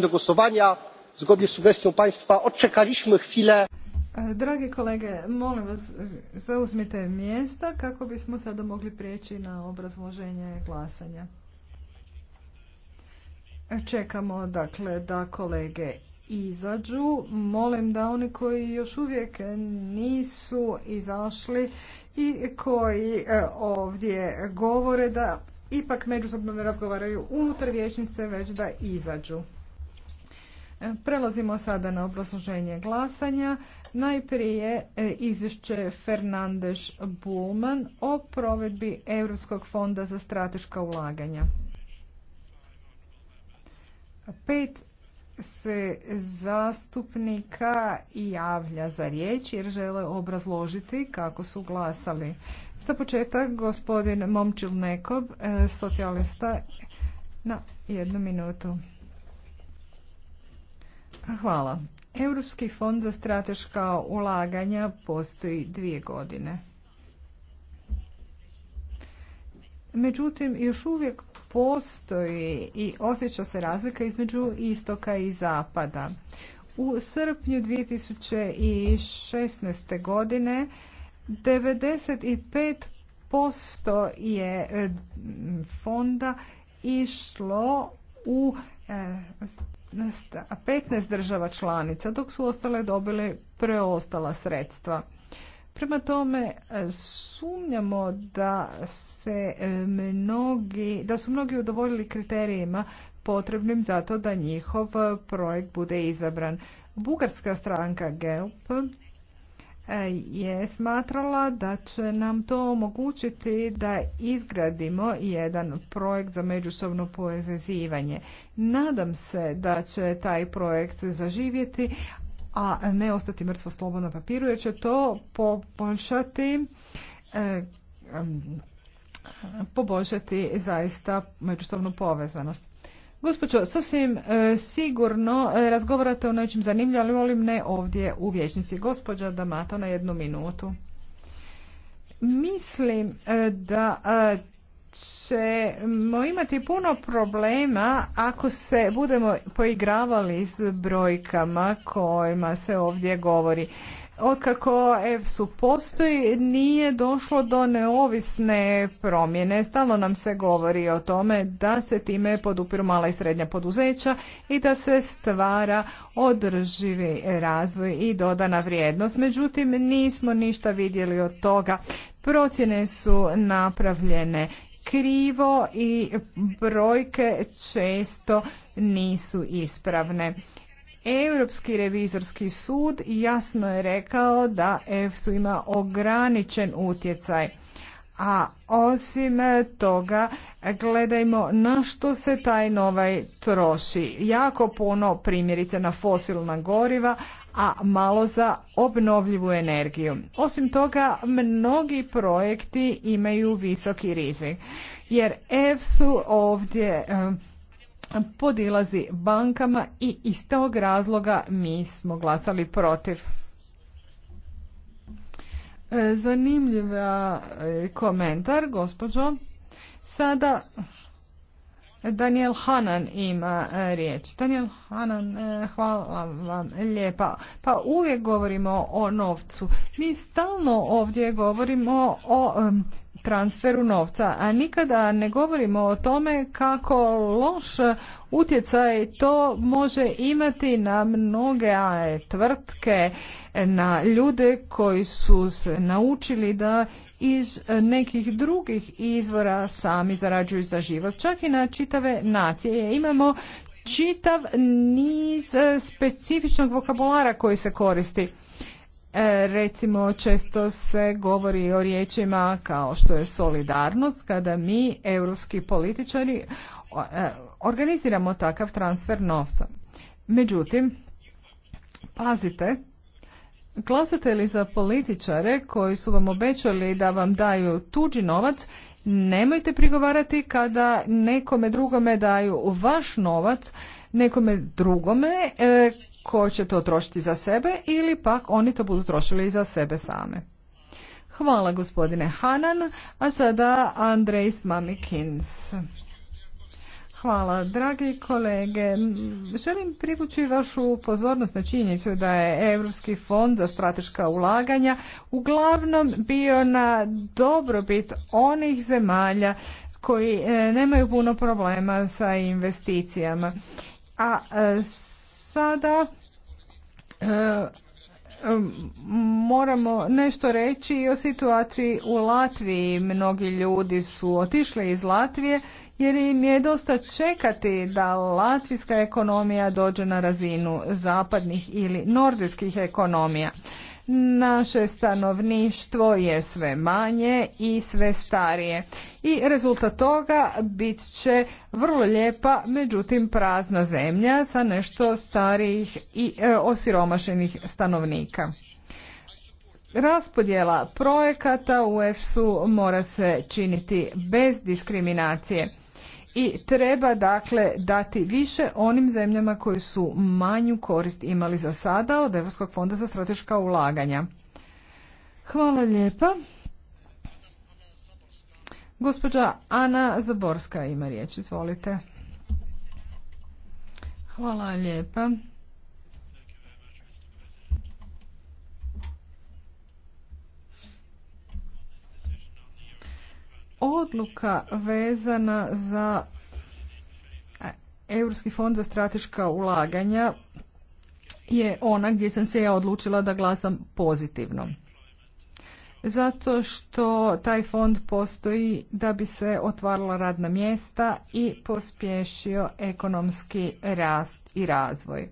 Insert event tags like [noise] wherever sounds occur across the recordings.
do głosowania zgodnie z sugestią państwa odczekaliśmy chwilę e, Dragi kolege, molim vas e, zauzmite mjesta kako bismo sada mogli prijeći na obrazloženje glasanja. E, čekamo dakle da kolege izađu. Molim da oni koji još uvijek nisu izašli i koji ovdje govore da ipak međusobno ne razgovaraju unutar vijećnice već da izađu. Prelazimo sada na obrazloženje glasanja. Najprije e, izvješće Fernandeš Bulman o provedbi Europskog fonda za strateška ulaganja. Pet se zastupnika javlja za riječ jer žele obrazložiti kako su glasali. Za početak gospodin Momčil Nekob, e, socijalista, na jednu minutu. Hvala. Europski fond za strateška ulaganja postoji dvije godine. Međutim, još uvijek postoji i osjeća se razlika između istoka i zapada. U srpnju 2016. godine 95% je mm, fonda išlo u 15 e, država članica, dok su ostale dobile preostala sredstva. Prema tome, sumnjamo da se e, mnogi, da su mnogi udovoljili kriterijima potrebnim zato da njihov projekt bude izabran. Bugarska stranka GELP E, je smatrala da će nam to omogućiti da izgradimo jedan projekt za međusobno povezivanje. Nadam se da će taj projekt zaživjeti, a ne ostati mrtvo slovo na papiru, jer će to poboljšati e, poboljšati zaista međusobnu povezanost. Gospođo, sasvim e, sigurno e, razgovarate o nečem zanimljivom, ali volim ne ovdje u vječnici. Gospođa Damato na jednu minutu. Mislim e, da ćemo imati puno problema ako se budemo poigravali s brojkama kojima se ovdje govori. Otkako EFSU postoji nije došlo do neovisne promjene. Stalno nam se govori o tome da se time podupiru mala i srednja poduzeća i da se stvara održivi razvoj i dodana vrijednost. Međutim, nismo ništa vidjeli od toga. Procjene su napravljene krivo i brojke često nisu ispravne. Europski revizorski sud jasno je rekao da EFSU ima ograničen utjecaj. A osim toga, gledajmo na što se taj novaj troši. Jako puno primjerice na fosilna goriva, a malo za obnovljivu energiju. Osim toga, mnogi projekti imaju visoki rizik. Jer EFSU ovdje podilazi bankama i iz tog razloga mi smo glasali protiv. E, zanimljiv e, komentar, gospođo. Sada Daniel Hanan ima e, riječ. Daniel Hanan, hvala vam lijepa. Pa uvijek govorimo o novcu. Mi stalno ovdje govorimo o transferu novca, a nikada ne govorimo o tome kako loš utjecaj to može imati na mnoge e, tvrtke, na ljude koji su se naučili da iz nekih drugih izvora sami zarađuju za život, čak i na čitave nacije. E, imamo čitav niz e, specifičnog vokabulara koji se koristi. E, recimo često se govori o riječima kao što je solidarnost kada mi europski političari e, organiziramo takav transfer novca. Međutim, pazite, glasate li za političare koji su vam obećali da vam daju tuđi novac, nemojte prigovarati kada nekome drugome daju vaš novac, nekome drugome e, ko će to trošiti za sebe ili pak oni to budu trošili za sebe same. Hvala gospodine Hanan, a sada Andrejs Mamikins. Hvala, dragi kolege. Želim privući vašu pozornost na činjenicu da je Europski fond za strateška ulaganja uglavnom bio na dobrobit onih zemalja koji eh, nemaju puno problema sa investicijama. A eh, Sada e, moramo nešto reći i o situaciji u Latviji. Mnogi ljudi su otišli iz Latvije jer im je dosta čekati da latvijska ekonomija dođe na razinu zapadnih ili nordijskih ekonomija. Naše stanovništvo je sve manje i sve starije i rezultat toga bit će vrlo lijepa, međutim prazna zemlja sa nešto starijih i e, osiromašenih stanovnika. Raspodjela projekata u EFSU mora se činiti bez diskriminacije i treba dakle dati više onim zemljama koje su manju korist imali za sada od Evropskog fonda za strateška ulaganja. Hvala lijepa. Gospođa Ana Zaborska ima riječ, izvolite. Hvala lijepa. odluka vezana za Europski fond za strateška ulaganja je ona gdje sam se ja odlučila da glasam pozitivno. Zato što taj fond postoji da bi se otvarala radna mjesta i pospješio ekonomski rast i razvoj.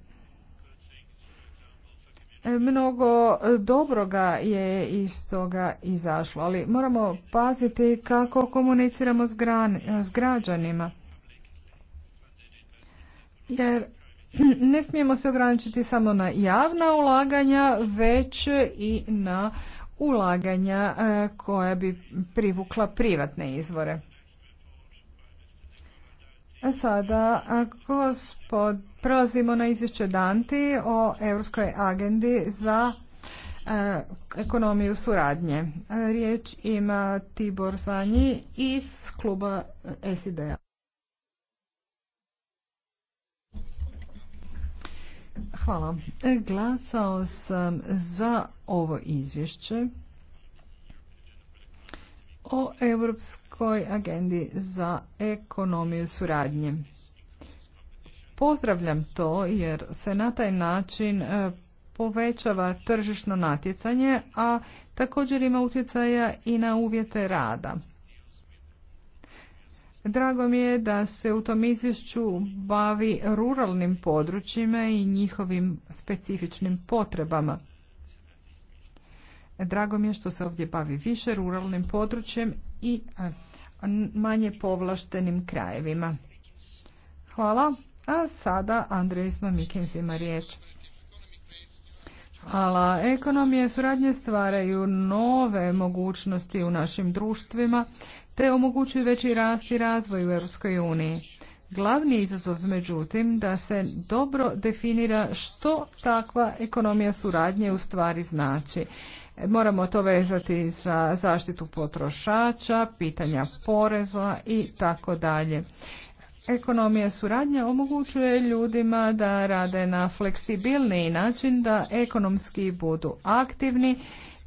E, mnogo e, dobroga je iz toga izašlo, ali moramo paziti kako komuniciramo s, e, građanima. Jer [clears throat] ne smijemo se ograničiti samo na javna ulaganja, već i na ulaganja koja bi privukla privatne izvore. E sada gospod, prelazimo na izvješće Danti o Europskoj agendi za e, ekonomiju suradnje. E, riječ ima Tibor Zanji iz kluba SID-a. Hvala. Glasao sam za ovo izvješće o Europskoj agendi za ekonomiju suradnje. Pozdravljam to jer se na taj način e, povećava tržišno natjecanje, a također ima utjecaja i na uvjete rada. Drago mi je da se u tom izvješću bavi ruralnim područjima i njihovim specifičnim potrebama. Drago mi je što se ovdje bavi više ruralnim područjem i manje povlaštenim krajevima. Hvala. A sada Andrej Mamikenzi ima riječ. Hvala. Ekonomije suradnje stvaraju nove mogućnosti u našim društvima te omogućuju veći rast i razvoj u Europskoj Glavni izazov, međutim, da se dobro definira što takva ekonomija suradnje u stvari znači Moramo to vezati za zaštitu potrošača, pitanja poreza i tako dalje. Ekonomija suradnja omogućuje ljudima da rade na fleksibilniji način, da ekonomski budu aktivni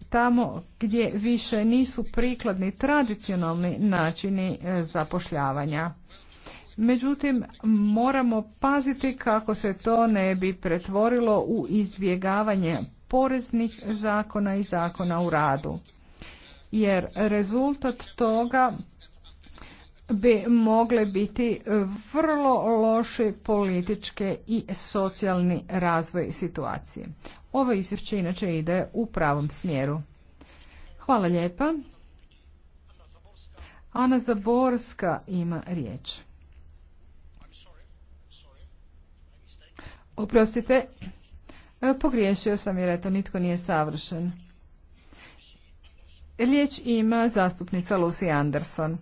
tamo gdje više nisu prikladni tradicionalni načini e, zapošljavanja. Međutim, moramo paziti kako se to ne bi pretvorilo u izbjegavanje poreznih zakona i zakona u radu. Jer rezultat toga bi mogle biti vrlo loše političke i socijalni razvoj situacije. Ovo izvješće inače ide u pravom smjeru. Hvala lijepa. Ana Zaborska ima riječ. Oprostite, E, pogriješio sam jer eto nitko nije savršen. Riječ ima zastupnica Lucy Anderson.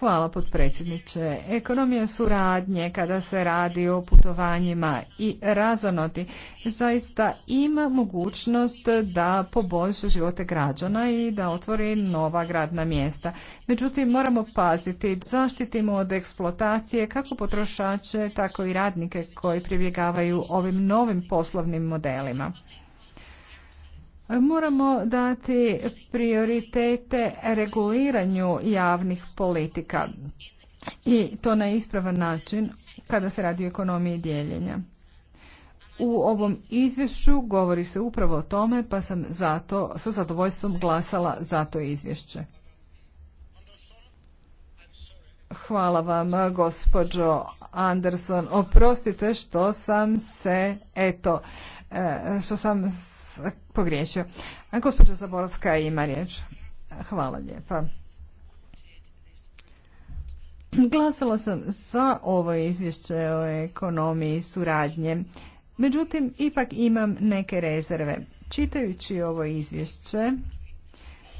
Hvala potpredsjedniče. Ekonomija suradnje kada se radi o putovanjima i razonoti zaista ima mogućnost da poboljša živote građana i da otvori nova gradna mjesta. Međutim, moramo paziti, zaštitimo od eksploatacije kako potrošače, tako i radnike koji pribjegavaju ovim novim poslovnim modelima. Moramo dati prioritete reguliranju javnih politika i to na ispravan način kada se radi o ekonomiji dijeljenja. U ovom izvješću govori se upravo o tome, pa sam zato sa zadovoljstvom glasala za to izvješće. Hvala vam, gospođo Anderson. Oprostite što sam se, eto, e, što sam [laughs] pogriješio. Gospođa Zaborska ima riječ. Hvala lijepa. Glasala sam za ovo izvješće o ekonomiji suradnje. Međutim, ipak imam neke rezerve. Čitajući ovo izvješće,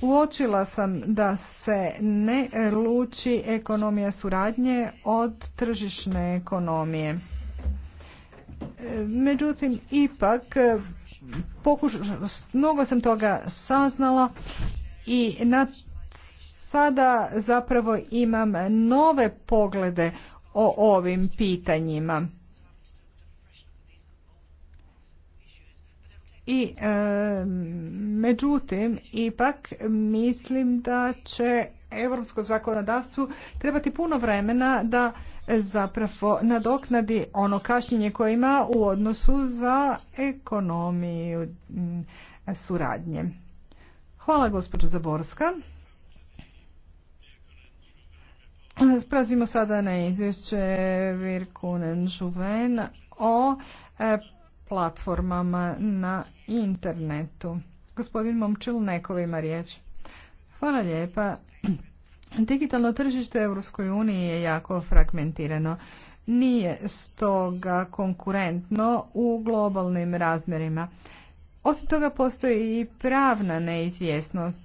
uočila sam da se ne luči ekonomija suradnje od tržišne ekonomije. Međutim, ipak mnogo sam toga saznala i na sada zapravo imam nove poglede o ovim pitanjima. I međutim, ipak mislim da će europskom zakonodavstvu trebati puno vremena da zapravo nadoknadi ono kašnjenje koje ima u odnosu za ekonomiju mm, suradnje. Hvala gospođo Zaborska. Sprazimo sada na izvješće Virkunen Žuven o e, platformama na internetu. Gospodin Momčil neko ima riječ. Hvala lijepa. Digitalno tržište Europskoj uniji je jako fragmentirano. Nije stoga konkurentno u globalnim razmjerima. Osim toga postoji i pravna neizvjesnost.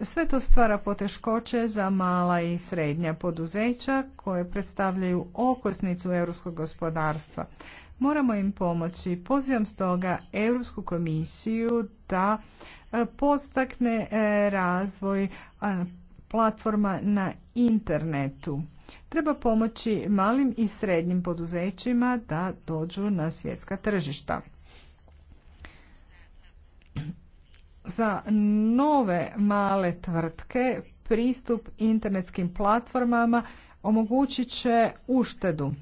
Sve to stvara poteškoće za mala i srednja poduzeća koje predstavljaju okosnicu europskog gospodarstva. Moramo im pomoći. Pozivam stoga Europsku komisiju da e, postakne e, razvoj platforma na internetu. Treba pomoći malim i srednjim poduzećima da dođu na svjetska tržišta. Za nove male tvrtke pristup internetskim platformama omogućit će uštedu.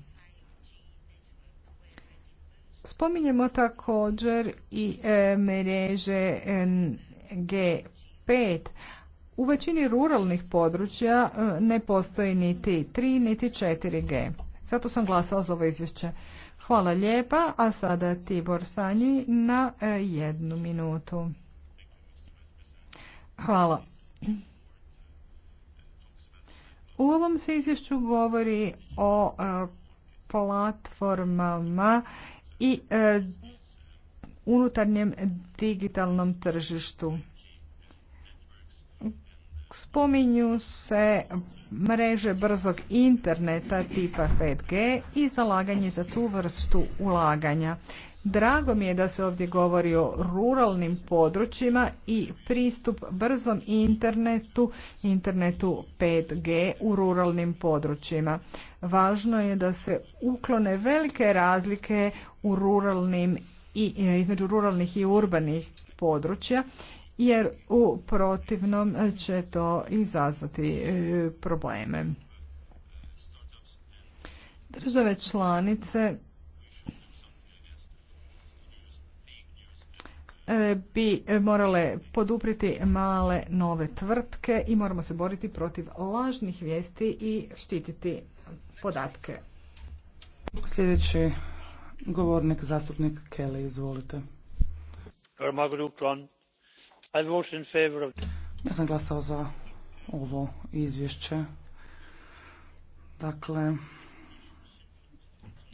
Spominjemo također i e, mreže G5, u većini ruralnih područja e, ne postoji niti 3 niti 4G. Zato sam glasala za ovo izvješće. Hvala lijepa, a sada Tibor Sanji na e, jednu minutu. Hvala. U ovom se izvješću govori o e, platformama i unutarnjem digitalnom tržištu spominju se mreže brzog interneta tipa 5G i zalaganje za tu vrstu ulaganja. Drago mi je da se ovdje govori o ruralnim područjima i pristup brzom internetu, internetu 5G u ruralnim područjima. Važno je da se uklone velike razlike u ruralnim i između ruralnih i urbanih područja jer u protivnom će to izazvati e, probleme. Države članice e, bi morale podupriti male nove tvrtke i moramo se boriti protiv lažnih vijesti i štititi podatke. Sljedeći govornik, zastupnik Kelly, izvolite. Ja sam glasao za ovo izvješće. Dakle,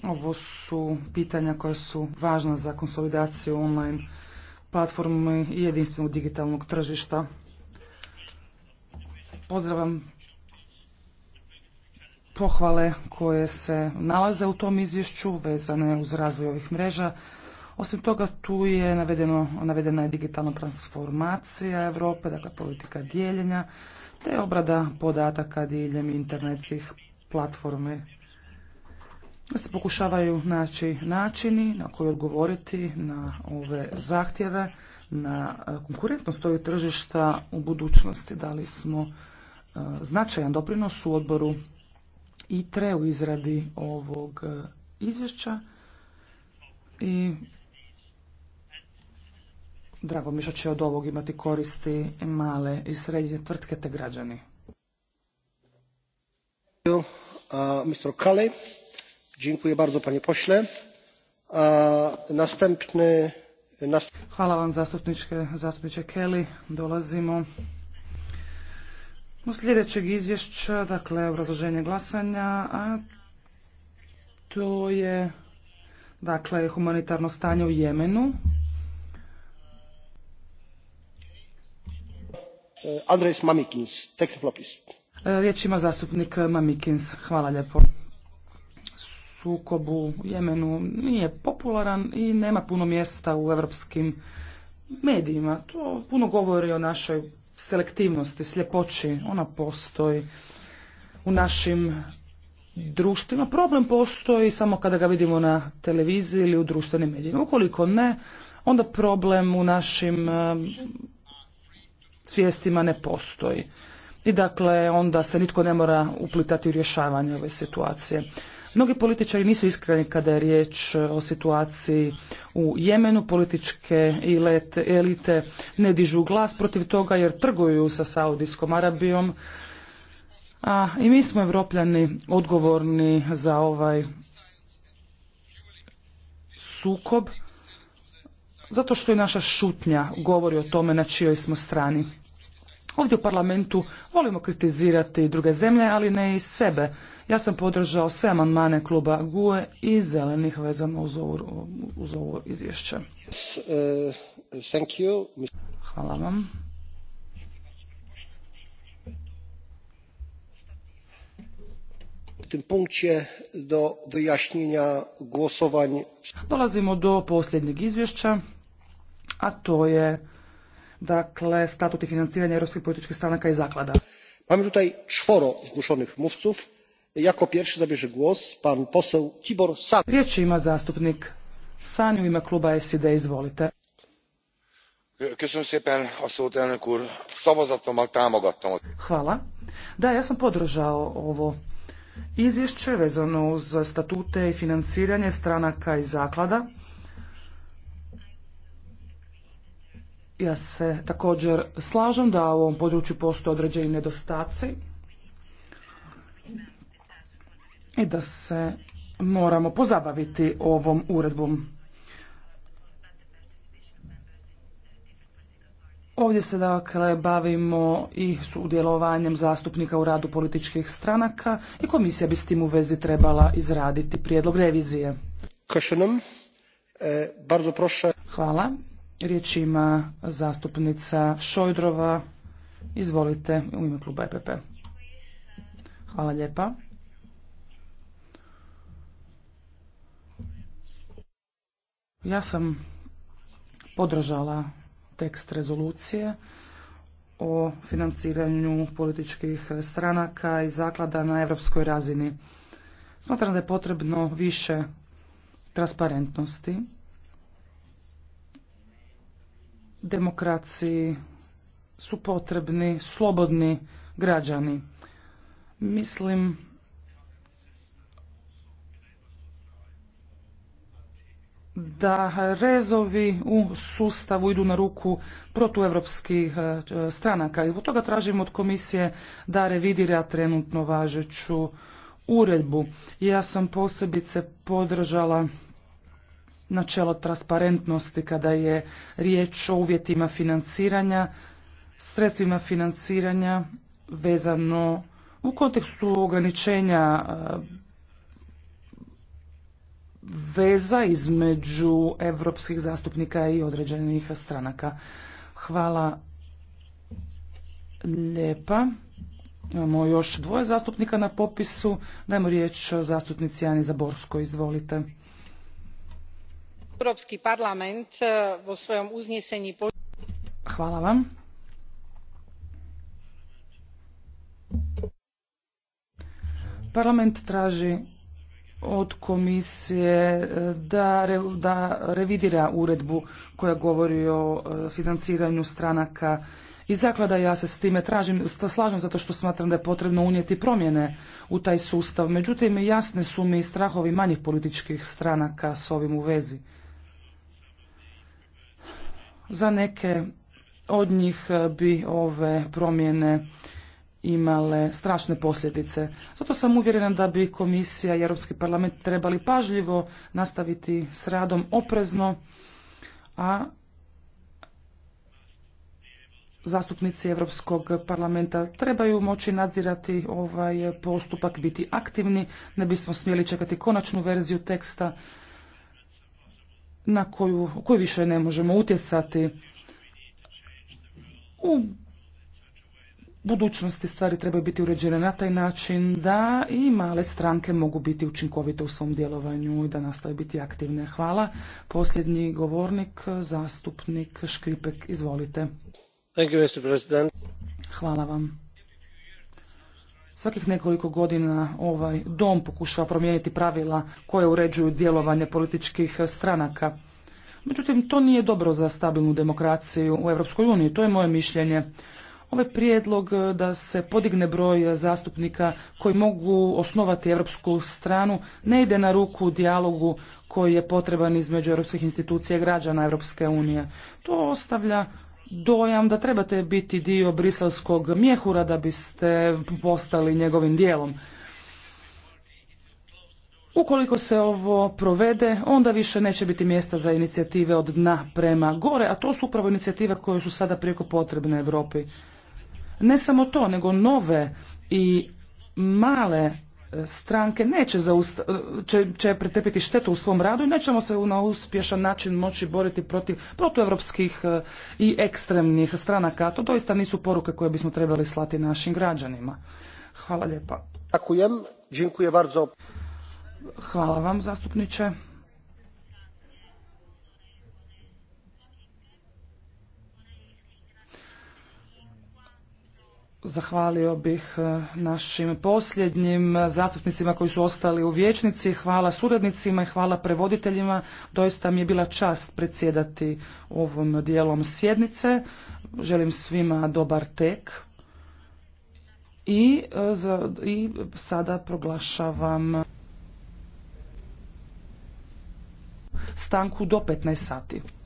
ovo su pitanja koja su važna za konsolidaciju online platforme i jedinstvenog digitalnog tržišta. Pozdravam pohvale koje se nalaze u tom izvješću vezane uz razvoj ovih mreža. Osim toga, tu je navedeno, navedena je digitalna transformacija Europe, dakle politika dijeljenja, te obrada podataka diljem internetskih platformi. Se pokušavaju naći načini na koji odgovoriti na ove zahtjeve, na e, konkurentnost ovih tržišta u budućnosti. Dali smo e, značajan doprinos u odboru ITRE u izradi ovog e, izvješća i Drago mi što će od ovog imati koristi male i srednje tvrtke te građani. Uh, Mr. Kale, dziękuję bardzo panie pośle. Uh, następny... Hvala vam zastupničke, zastupniče Kelly. Dolazimo u sljedećeg izvješća, dakle obrazloženje glasanja, a to je dakle humanitarno stanje u Jemenu. Eh, Andres Mamikins, e, Riječ ima zastupnik Mamikins. Hvala lijepo. Sukob u Jemenu nije popularan i nema puno mjesta u europskim medijima. To puno govori o našoj selektivnosti, sljepoći. Ona postoji u našim društvima. Problem postoji samo kada ga vidimo na televiziji ili u društvenim medijima. Ukoliko ne, onda problem u našim svijestima ne postoji. I dakle, onda se nitko ne mora uplitati u rješavanje ove situacije. Mnogi političari nisu iskreni kada je riječ e, o situaciji u Jemenu. Političke elite ne dižu glas protiv toga jer trguju sa Saudijskom Arabijom. A i mi smo evropljani odgovorni za ovaj sukob zato što i naša šutnja govori o tome na čijoj smo strani. Ovdje u parlamentu volimo kritizirati druge zemlje, ali ne i sebe. Ja sam podržao sve amandmane kluba GUE i zelenih vezano uz ovo, izvješće. Hvala vam. tym punkcie do wyjaśnienia głosowań. Dolazimo do posljednjeg izvješća a to je dakle statut i financiranje europskih političkih stranaka i zaklada. Mamy tutaj czworo zgłoszonych mówców. Jako pierwszy zabierze głos pan poseł Tibor San. Riječ ima zastupnik San u ime kluba SID, izvolite. Köszönöm szépen Hvala. Da, ja sam podržao ovo izvješće vezano uz statute i financiranje stranaka i zaklada Ja se također slažem da u ovom području postoje određeni nedostaci i da se moramo pozabaviti ovom uredbom. Ovdje se dakle bavimo i sudjelovanjem zastupnika u radu političkih stranaka i komisija bi s tim u vezi trebala izraditi prijedlog revizije. E, Hvala. Riječ ima zastupnica Šojdrova. Izvolite u ime kluba EPP. Hvala lijepa. Ja sam podržala tekst rezolucije o financiranju političkih stranaka i zaklada na europskoj razini. Smatram da je potrebno više transparentnosti demokraciji su potrebni slobodni građani. Mislim da rezovi u sustavu idu na ruku protuevropskih e, stranaka i zbog toga tražimo od komisije da revidira trenutno važeću uredbu. Ja sam posebice podržala načelo transparentnosti kada je riječ o uvjetima financiranja, sredstvima financiranja vezano u kontekstu ograničenja eh, veza između europskih zastupnika i određenih stranaka. Hvala lijepa. Imamo još dvoje zastupnika na popisu. Dajmo riječ zastupnici Ani Zaborskoj. Izvolite. Europski parlament eh, vo svojom uznesení Hvala vam. Parlament traži od komisije eh, da, da revidira uredbu koja govori o eh, financiranju stranaka i zaklada ja se s time tražim, slažem zato što smatram da je potrebno unijeti promjene u taj sustav. Međutim, jasne su mi strahovi manjih političkih stranaka s ovim u vezi. Za neke od njih eh, bi ove promjene imale strašne posljedice. Zato sam uvjerena da bi komisija i Europski parlament trebali pažljivo nastaviti s radom oprezno, a zastupnici Europskog parlamenta trebaju moći nadzirati ovaj postupak, biti aktivni, ne bismo smjeli čekati konačnu verziju teksta na koju, više ne možemo utjecati. U budućnosti stvari trebaju biti uređene na taj način da i male stranke mogu biti učinkovite u svom djelovanju i da nastave biti aktivne. Hvala. Posljednji govornik, zastupnik Škripek, izvolite. Hvala vam. Svakih nekoliko godina ovaj dom pokušava promijeniti pravila koje uređuju djelovanje političkih stranaka. Međutim, to nije dobro za stabilnu demokraciju u Europskoj uniji, to je moje mišljenje. Ovaj prijedlog da se podigne broj zastupnika koji mogu osnovati europsku stranu ne ide na ruku dijalogu koji je potreban između europskih institucija i građana Europske unije. To ostavlja dojam da trebate biti dio briselskog mjehura da biste postali njegovim dijelom. Ukoliko se ovo provede, onda više neće biti mjesta za inicijative od dna prema gore, a to su upravo inicijative koje su sada prijeko potrebne Europi. Ne samo to, nego nove i male stranke neće zausta će, će štetu u svom radu i nećemo se na uspješan način moći boriti protiv protuevropskih e, i ekstremnih stranaka. To doista nisu poruke koje bismo trebali slati našim građanima. Hvala lijepa. Hvala vam zastupniče. Zahvalio bih e, našim posljednjim zastupnicima koji su ostali u vječnici. Hvala suradnicima i hvala prevoditeljima. Doista mi je bila čast predsjedati ovom dijelom sjednice. Želim svima dobar tek. I, e, i sada proglašavam stanku do 15 sati.